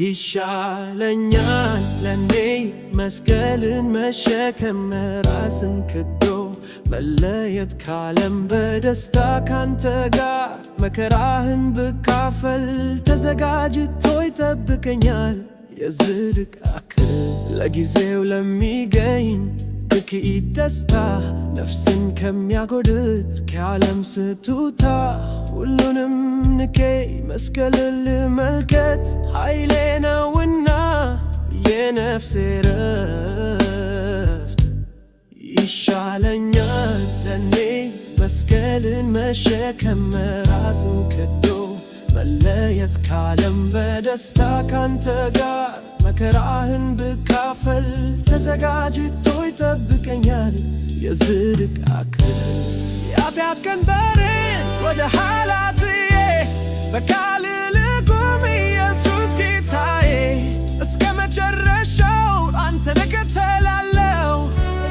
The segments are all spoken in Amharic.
ይሻለኛል ለኔ መስቀልን መሸከም ራስን ክዶ መለየት ካለም በደስታ ካንተ ጋር መከራህን ብካፈል ተዘጋጅቶ ይጠብቀኛል የጽድቅ አክል ለጊዜው ለሚገኝ ጥቂት ደስታ ነፍስን ከሚያጎድል ከዓለም ስቱታ ሁሉንም አትንኬ መስቀልል መልከት ኃይሌ ነውና የነፍሴ ረፍት ይሻለኛል ለኔ መስቀልን መሸከም ራስን ክዶ መለየት ካለም በደስታ ካንተ ጋር መከራህን ብካፈል ተዘጋጅቶ ይጠብቀኛል የጽድቅ አክሊል የኃጢአት ቀንበሬን ወደ ኋላ በቃል ልቁም ጌታዬ እስከ መጨረሻው አንተን እከተላለሁ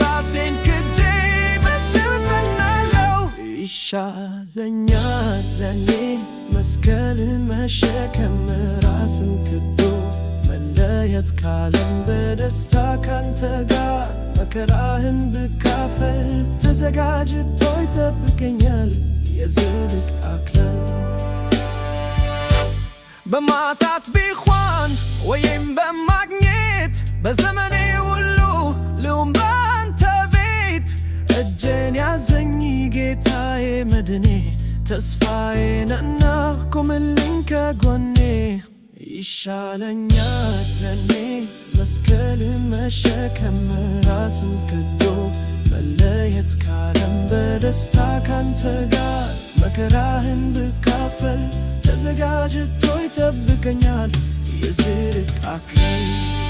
ራሴን ክጄ በስብህ እጸናለሁ ይሻለኛል ለኔ መስቀልን መሸከም ራስን ክዶ መለየት ካለም በደስታ ካንተ ጋር መከራህን ብካፈል ተዘጋጅቶ ይጠብቀኛል የጽድቅ አክሊል በማጣት ቢሆን ወይም በማግኘት በዘመኔ ሁሉ ልሁን ባንተ ቤት እጄን ያዘኝ ጌታዬ መድኔ ተስፋዬ ነህና ቁምልኝ ከጎኔ ይሻለኛል ለኔ መስቀልን መሸከም ራስን ከዶ መለየት ከዓለም በደስታ ካንተ ጋር መከራህን ብካፈል ተዘጋጅቶ ይጠብቀኛል የጽድቅ አክሊል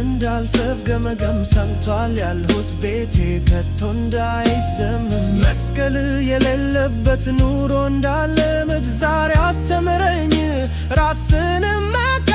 እንዳልፈፍ ገመገም ሰምቷል ያልሁት ቤቴ ከቶ እንዳይዘምም መስቀል የሌለበት ኑሮ እንዳለ ምድ ዛሬ አስተምረኝ ራስንም